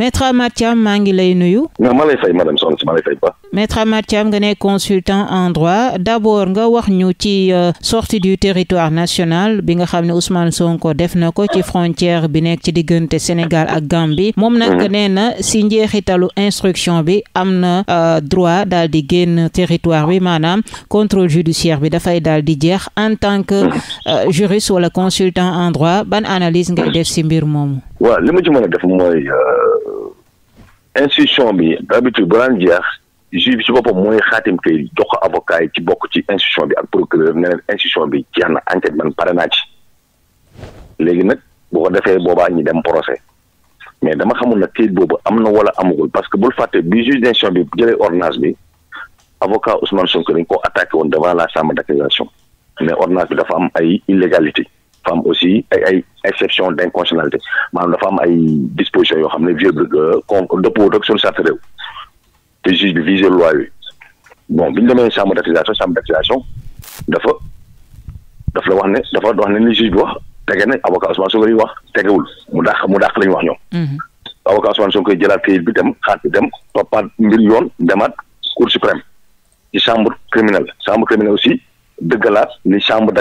Maître Amath Thiam maa ngi lay nuyu. non ma lay fay madame Soxna si ma fay ba. Maître Amath Thiam nga nekk consultant en droit d'abord nga wax ñu ci euh, sortie du territoire national bi nga xam ne Ousmane Sonko def na ko ci frontière bi nekk ci diggante Sénégal ak Gambie moom nag mhm. nee na si njeexitalu instruction bi am na euh, droit daal di génn territoire bi maanaam contrôle judiciaire bi dafay daal di jeex en tant que mhm. euh, juriste wala consultant en droit ban analyse ngay d si mbir moomu. waaw li ma ci mën a def mooy euh, institution bi d'habitude bu daan jeex juge bi ci boppam mooy xaatim kay jox ko avocat yi ci bokk ci institution bi ak procureur ne leen institution bi jeex na enquête man pare naa ci léegi nag boo defee boobaa ñu dem procès mais dama xamul nag kayit boobu am na wala amagul parce que bul fàtte bi juge d'instruction bi jëlee ordonnance bi avocat Ousmane Sonko dañ ko attaqué woon devant la chambre d'accusation mais ordonnance bi dafa am ay illégalité dafa am aussi ay exception d' inconstitutionnalité maanaam dafa am ay disposition yoo xam ne vieux con dëppoo ak suñu charte réew te juge bi visé loi yi bon bi ñu demee chambre d' accusation chambre d' accusation dafa daf la wax ne dafa wax ne ni juge bi wax tegewul mu dàq mu dàq la ñu wax ñoom. Mm-hmm. avocat Ousmane Sonko koy jëlaat kayit bi dem xaar bi dem toppaat mbir yoon demaat cour suprême ci chambre criminelle chambre criminelle aussi dëggalaat li chambre d'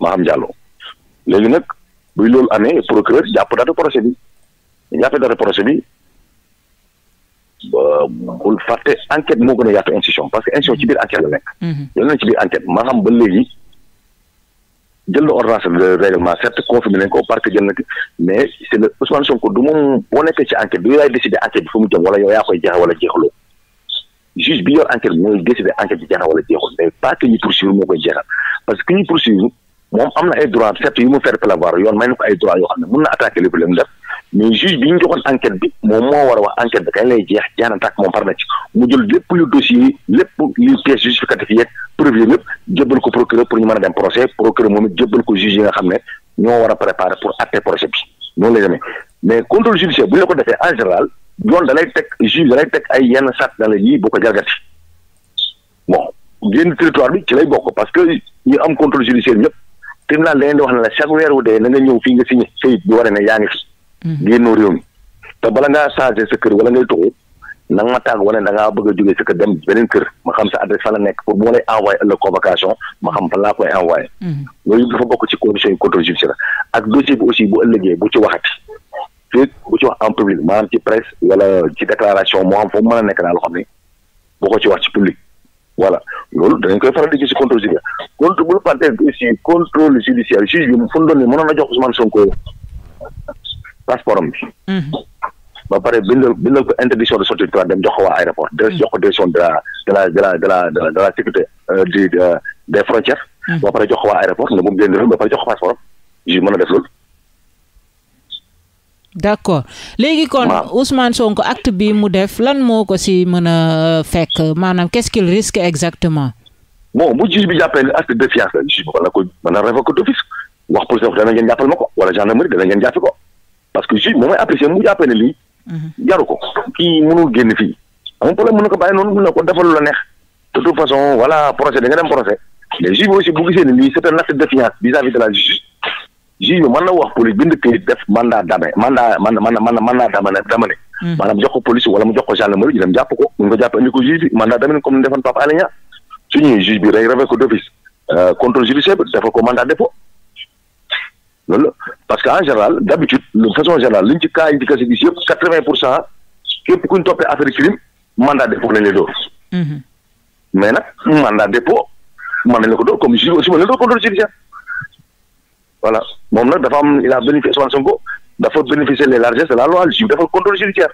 Maham Diallo léegi nag buy loolu amee procureur jàpp date procès bi jàppee date procès bi bul fàtte enquête moo gën a yaatu institution parce que institution ci biir enquête la nekk. loolu mhm. nañ ci biir enquête Maham ba léegi jël na ordonnance de certes confirmé nañ parce que jël na mais c'est le Ousmane Sonko du moom boo nekkee ci enquête du yaay décider enquête bi fu mu jëm wala yow yaa koy jeex wala jeexaloo. juge bi enquête bi que ñu moom am na ay droit certes yu mu faire prévaloir yoon may na ko ay droit yoo xam ne mën na attaquer lépp lu mu def mais juge bi ñu joxoon enquête bi moom moo war a wax enquête bi kañ lay jeex jaana tàkk moom par na ci mu jël lépp lu dossier lépp li pièce justificatif yeeg preuve yi ko procureur pour ñu mën a dem procès procureur moom it jëbal ko juge nga xam ne ñoo war a préparer pour atte procès bi noonu lay demee mais contrôle judiciaire bu ñu la ko defee en général yoon da lay teg juge da lay teg ay la bokk parce que ñu am contrôle ñëpp tribunal da leen di wax ne la chaque weer wu dee na mm-hmm. nga ñëw fii nga signé sayit bi war ne yaa ngi fi. génnoo réew mi te bala ngaa changé sa kër wala ngay tuxu na ma tàgg wala da ngaa bëgg a sa kër dem beneen kër ma xam sa adresse fa nekk pour bu lay envoyé ëllëg convocation ma xam fan laa koy envoyé. Mm-hmm. loolu dafa bokk ci condition yi contrôle judiciaire ak dossier bi aussi bu ëllëgee bu ci waxati fii bu ci wax en public maanaam ci presse wala ci a nekk daal loo xam ne boo voilà loolu danañ koy faral di gis si contrôle judiciaire contre bu parenthèse aussi contrôle fu mu doon ne mënoon jox Ousmane Sonko passeport am bi. Mhm. ba pare bindal bindal ko interdiction de sortie dem jox ko waa aéroport. jox ko direction de la de la de la de la de la sécurité euh, euh, des mhm. ba pare jox ko waa aéroport ne bu mu génn ba pare jox ko passeport am mën a def loolu. d' accord léegi kon Ousmane Sonko acte bi mu def lan moo ko si mën a euh, fekk maanaam qu'est-ce qu'il risque exactement. bon bu juge bi jàppee ne acte la juge bi wala ko mën a révoquer wala gendarmerie dana ngeen jàpp ko parce que juge moom mooy apprécier mu jàppee ne lii. Mhm. jaru ko kii mënul génn fii amul problème mun na ko bàyyi noonu mën na ko defal lu la neex de toute façon voilà procès da nga dem procès mais juge bi aussi bu gisee ne lii c'est un acte de vis-à-vis de la justice juge bi mën na wax police bind këyit def mandat d'arrêt mandat man man man mandat d'arrêt d'amener hmm. maanaam jox ko police wala mu jox ko gendarmerie ñu dem jàpp ko bu ñu ko jàppee indi ko juge bi mandat d'amener comme ni defoon Pape Alé Niang suñuy bi rek ko d'office euh, contrôle judiciaire bi ko mandat dépôt parce que en général d'habitude de façon générale liñ ci cas yi ci kese gis yëpp quatre vingt pour cent képp kuñ toppee affaire crime mandat dépôt lañ lay dóor hmm. mais nag mandat voilà moom nag dafa am la a bénéficié Ousmane Sonko dafa bénéficier les largesses de la loi ju dafa contrôle judiciaire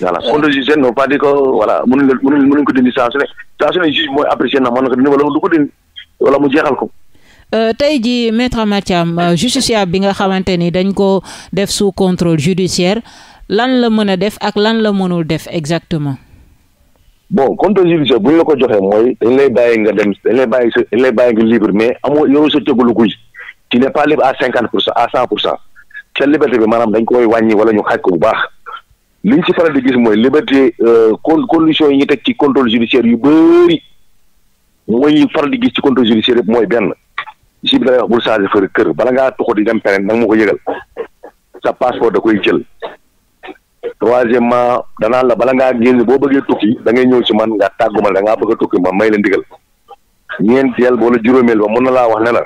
voilà euh. contrôle judiciaire non pas di ko voilà la ko dindi saa su ne saa su ne juge mooy apprécier na mën na ko dindi wala mu jeexal ko. Euh, tey jii maître Amath Thiam euh, bi nga xamante ni dañ ko def sous contrôle judiciaire lan la mën a def ak lan la mënul def exactement. bon contrôle judiciaire bu ñu la ko joxee mooy dañ lay bàyyi nga dem dañ lay bàyyi dañ nga libre mais amoo yoroo sa tegu lu guy. ci n'es pas libre cinquante pour cent à cent pour cent seen liberté bi maanaam dañ koy wàññi wala ñu xaaj ko bu baax li ñu ci faral di gis mooy liberté euh, con conditions yi ñu teg ci contrôle judiciaire yu bëri mooy faral di gis ci contrôle judiciaire yëpp mooy benn si bi da ngay wax bul changer fëri kër bala ngaa tuxu di dem feneen nag moo ko yëgal sa passeport da koy jël troisièmement danaa la bala ngaa génn boo bëggee tukki da ngay ñëw si man nga tàggu ma da ngaa bëgg a tukki ma may la ndigal ñeenteel wala juróomeel ba mën na laa wax ne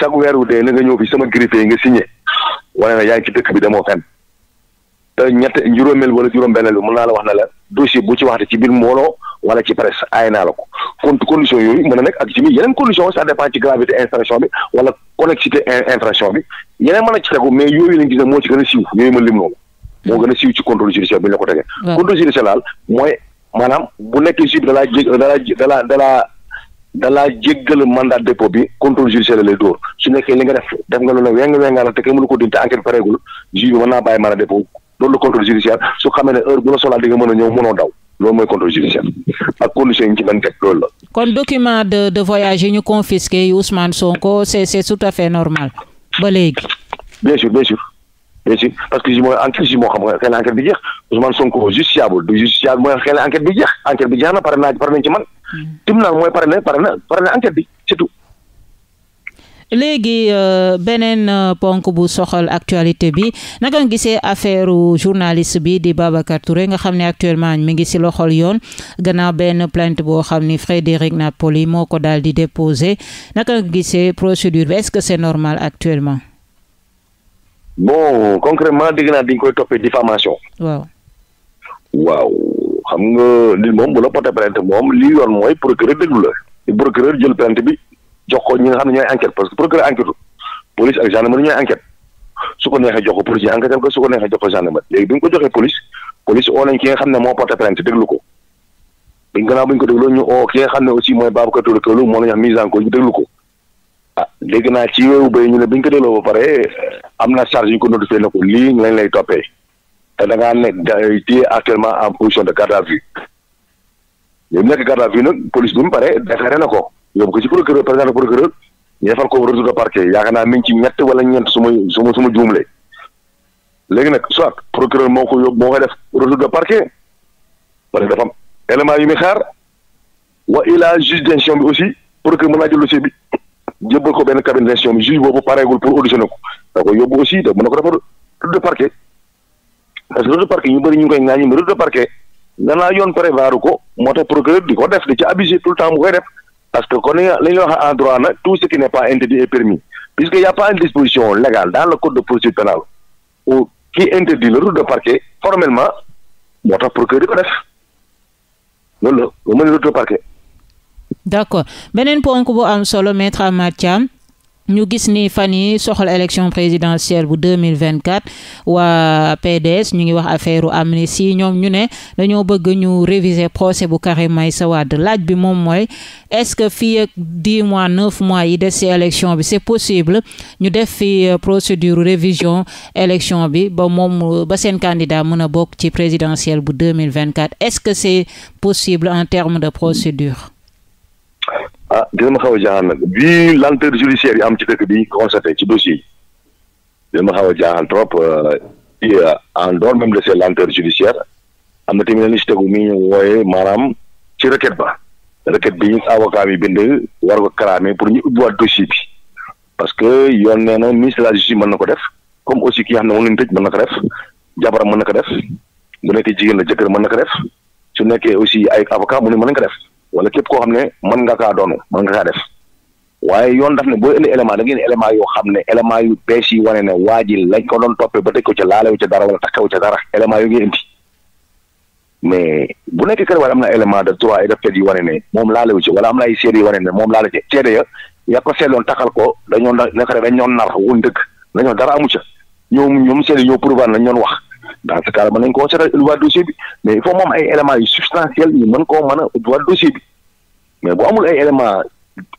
chaque weer wu dee na nga ñëw fi sama griffe nga signé wala na yaa ngi ci dëkk bi demoo fenn te ñett juróomeel wala juróom-benneel bi mën naa la wax na la dossier bu ci waxte ci biir mbooloo wala ci presse aay naa la ko kon yooyu mën na nekk ak ci biir yeneen condition ça dépend ci gravité infraction bi wala connexité infraction bi yeneen mën na ci tegu mais yooyu lañ gis ci gën a siiw yooyu ma lim noonu moo gën a siiw ci contrôle judiciaire bi ñu dalaa jéggal mandat dépôt bi contrôle judiciaire lay dóor su nekkee li nga def def nga loolu weng wengaala te kenn mënu ko dindi te enquête pareegul juge bi mën naa bàyyi mandat dépôt loolu la contrôle judiciaire su xamee ne heure bu la soxlaa di nga mën a ñëw mënoo daw loolu mooy contrôle judiciaire bi mooy xëy na bi jeex enquête bi jeex na pare naa pare nañ ci man. tribunal mooy pare na pare na pare bi c'est léegi euh, beneen euh, ponk bu soxal actualité bi naka nga gisee affaire journaliste bi di Babacar Touré nga xam ne actuellement mi ngi si loxol yoon gannaaw benn plainte boo xam ni Frédéric Napoli moo ko daal di déposé naka nga gisee procédure bi est-ce que c'est normal actuellement. bon concrètement dégg naa dañ koy toppee diffamation. waaw xam nga li moom bu la porté plainte moom lii yoon mooy procureur déglu la procureur jël plainte bi jox ko ñi nga xam ne ñooy enquête parce que procureur enquête police ak gendarmerie ñooy enquête su ko neexee jox ko police ko jox ko gendarmerie léegi bi ko joxee police police oo ki nga xam ne moo porté plainte déglu ko biñ gannaaw bu ñu ko xam ne aussi mooy Babacar Touré Këlu moo la ñu déglu ko ah, dégg naa ci yooyu bay ñu ne bi ko dégloo ba pare am na charge yu ko notifié na ko lii ñu lañ lay toppee da ngaa nekk tu es actuellement en position de garde à vue yow nekk garde à nag police bi mu paree déféré na ko yóbbu ko ci procureur président procureur ñu defal ko retour de parquet yaakaar naa mi ngi ci ñett wala ñeent su ma su ma su ma léegi nag soit procureur moo ko yóbbu moo koy def retour de parquet parce que dafa am élément yu muy xaar wa ilaa juge d'instruction bi aussi procureur mën naa jël dossier bi jébbal ko benn cabinet d'instruction bi juge boobu pareegul pour auditionner ko da ko yóbbu aussi da mën na ko parce que route parquet ñu bëri ñu ngi koy ŋaañu mais route parquet danaa yoon prévoir ko moo tax procureur di ko def di ci abusé tout temps koy def parce que kon li ñuy wax en droit nag tout ce qui n'est pas interdit est permis puisque y a pas une disposition légale dans le code de procédure pénale ou qui interdit le route de parquet formellement moo procureur di ko def loolu la mu mën route de parquet. d'accord beneen ponk bu am solo maître Amath Thiam ñu gis ni fan yi soxla élection présidentielle bu 2024 waa PDS ñu ngi wax affaire si ñoom ñu ne dañoo bëgg ñu réviser procès bu Karim Meïssa Wade laaj bi moom mooy est-ce que fii ak 10 mois 9 mois yi des ci élection bi c'est possible ñu def fi euh, procédure révision élection bi ba moom ba seen candidat mën a bokk ci présidentielle bu 2024 est-ce que c'est possible en termes de procédure ah dina ma xaw a jaaxal nag bi lenteur judiciaire yi am ci dëkk bi constaté ci dossier yi dina ma xaw a jaaxal trop euh, en dehors même de ces lenteurs judiciaires am na tamit li ci tegu mi ñu wooyee maanaam ci requête ba requête bi avocat bi bind war ko kalaamee pour ñu ubbiwaat dossier bi parce que yoon nee na ministre de mën na ko def comme aussi ki nga xam ne moom la ñu tëj mën na ko def jabaram mën na ko def mu nekkee jigéen la jëkkër mën na ko def su nekkee aussi ay avocat mu ne mën nañ ko def wala képp koo xam ne mën nga kaa doonu mën nga kaa def waaye yoon daf ne boo indi élément da ngeen élément yoo xam ne élément yu bees yi wane ne waa ji lañ ko doon toppee ba dek ko ca laalewu ca dara wala ca dara élément yu ngeen indi mais bu nekk kër wala am na élément de droit et de fait yi wane ne moom laalewu ci wala am na ay seede yi wane ne moom laale ci seede ya yaa ko seetloon takkal ko dañoo dañ ñoon nar wul ndëkk dañoo dara amu ca ñoom ñoom seede ñoo prouver nañ ñoon wax dans ce cas là mën nañu koo seetal élever dossier bi mais il moom ay éléments yu substantiels yu mën koo mën a élever dossier bi mais bu amul ay éléments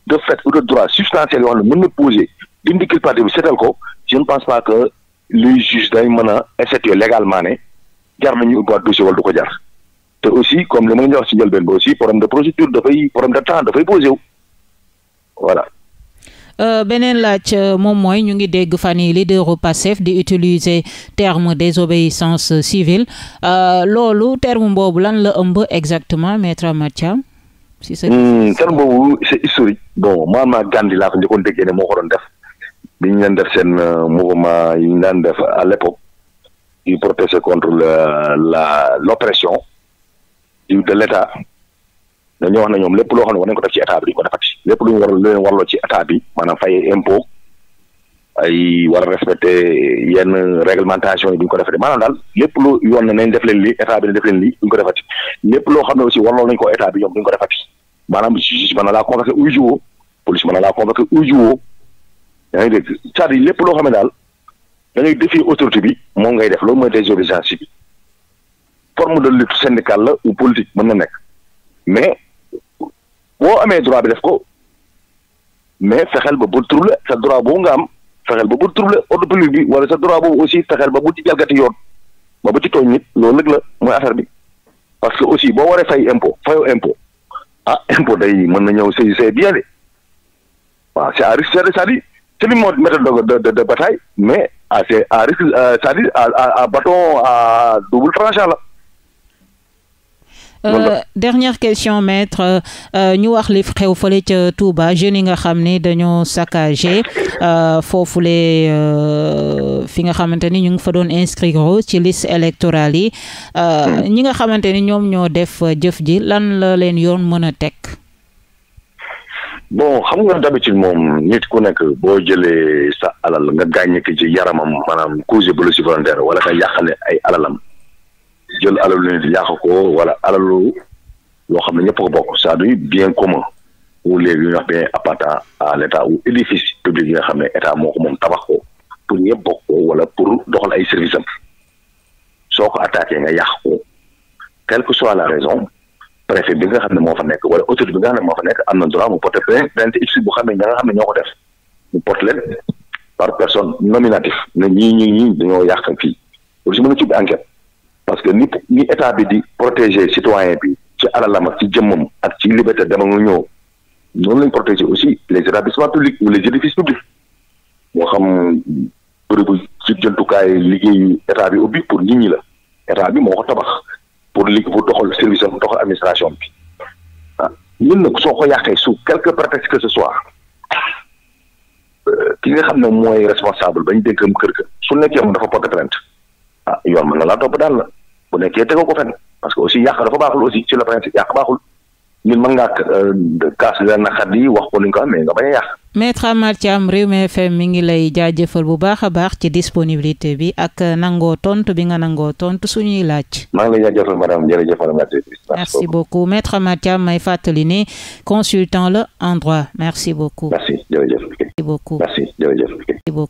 de fet ou de droit substantiels yoo xam ne mën na poser dindi culpabilité bi seetal ko je ne pense pas que les juges dañ mën a statuer légalement ne jar nañu élever dossier wala du ko jar te aussi comme li ma leen wax ci njëlbeen ba aussi problème de procédure dafay problème de temps dafay posé wu voilà. Euh, beneen laaj euh, moom mooy ñu ngi dégg fan yi leaderu Pastef di utiliser terme désobéissance civile euh, loolu terme boobu lan la ëmb exactement maître Amath Thiam si sa hmm, terme boobu c'est historique bon maanaam Gandhi laa ko njëkkoon déggee ne moo ko doon def bi ñu def seen mouvement yi ñu daan def à l'époque di protester contre la l'oppression de l'État dañu wax na ñoom lépp loo xam ne war nañ ko def ci état bi duñ ko defati lépp lu war lu leen warloo ci état bi maanaam fay impôt ay war a respecté yenn réglementation yi duñ ko defati maanaam daal lépp lu yoon ne def leen lii état def leen lii duñ ko defati lépp loo xam ne aussi warloo nañ ko état bi ko defati maanaam justice mën na laa convoqué uy police mën na laa convoqué uy juwoo yaa ngi dégg cest lépp loo xam ne daal da ngay défier autorité bi moom ngay def loolu mooy désobéissance bi forme de lutte syndicale la ou politique mën na nekk boo amee droit bi def ko mais fexel ba bul trouble sa droit boobu nga am fexeel ba bul trouble ordre public bi wala sa droit boobu aussi fexeel ba bu ci jalgati yoon ba bu ci tooñ nit loolu la mooy affaire bi parce que aussi boo waree fay impôt fayoo impôt ah impôt day mën na ñëw say say bien de waaw c'est à risque c'est-à-dire de de de bataille mais ah c'est à risque euh, c'est-à-dire à à bâton à double tranchant la. Euh, dernière question maître euh, ñu wax li xew fële ca Touba jeunes yi nga xam ni dañoo saccagé euh, foofule fi nga xamante ni ñu ngi fa doon inscrire ci liste électorale yi hmm. ñi nga xamante ni ñoom ñoo def jëf ji lan la leen yoon mën a teg bon xam nga d'habitude moom nit ku nekk boo jëlee sa alal nga gàññe ki ci yaramam maanaam cause blessure volontaire wala nga yàqale ay alalam jël alalu nit yàq ko wala alalu loo xam ne ñëpp ko bokk c'est-à-dire bien commun ou léegi ñu wax bien appartenant à l'état ou édifice public yi nga xam ne état moo ko moom tabax ko pour ñëpp bokk ko wala pour doxal ay services am soo ko attaqué nga yàq ko quelle que soit la raison préfet bi nga xam ne moo fa nekk wala autorité bi ne moo fa nekk am na droit mu porter plainte x bu xam ne ña nga xam ne ñoo ko def mu porte leen par personne nominatif ne ñii ñii ñii dañoo yàq fii loolu si mën a tudd enquête parce que ni ni état bi di protéger citoyen bi ci alalam ak ci jëmmam ak ci liberté dama nga ñëw noonu lañ protéger aussi les établissements publics ou les édifices publics moo xam bërëbu ci jëntukaay liggéeyu état bi ubbi pour nit ñi la état bi moo ko tabax pour li pour doxal service am doxal administration bi ah ñun nag soo ko yàqee su quelque prétexte que ce soit euh, ki nga xam ne mooy responsable bañ déggam kër ga su nekkee moom dafa porte plainte ah yoon mën na bu nekkee tegoo ko fenn parce que aussi yàq dafa baaxul aussi sur le principe yàq baaxul nit mën ngaa euh, kaas la naqar di wax ko ni ko mais nga bañ a yàq. Maître Amath Thiam Rewmi FM mi ngi lay jaajëfal bu baax a baax ci disponibilité bi ak nangoo tontu bi nga nangoo tontu suñuy laaj. maa ngi lay jaajëfal madame jërëjëf merci beaucoup Maître Amath Thiam may fàttali ni consultant la en droit merci beaucoup. merci jërëjëf. merci beaucoup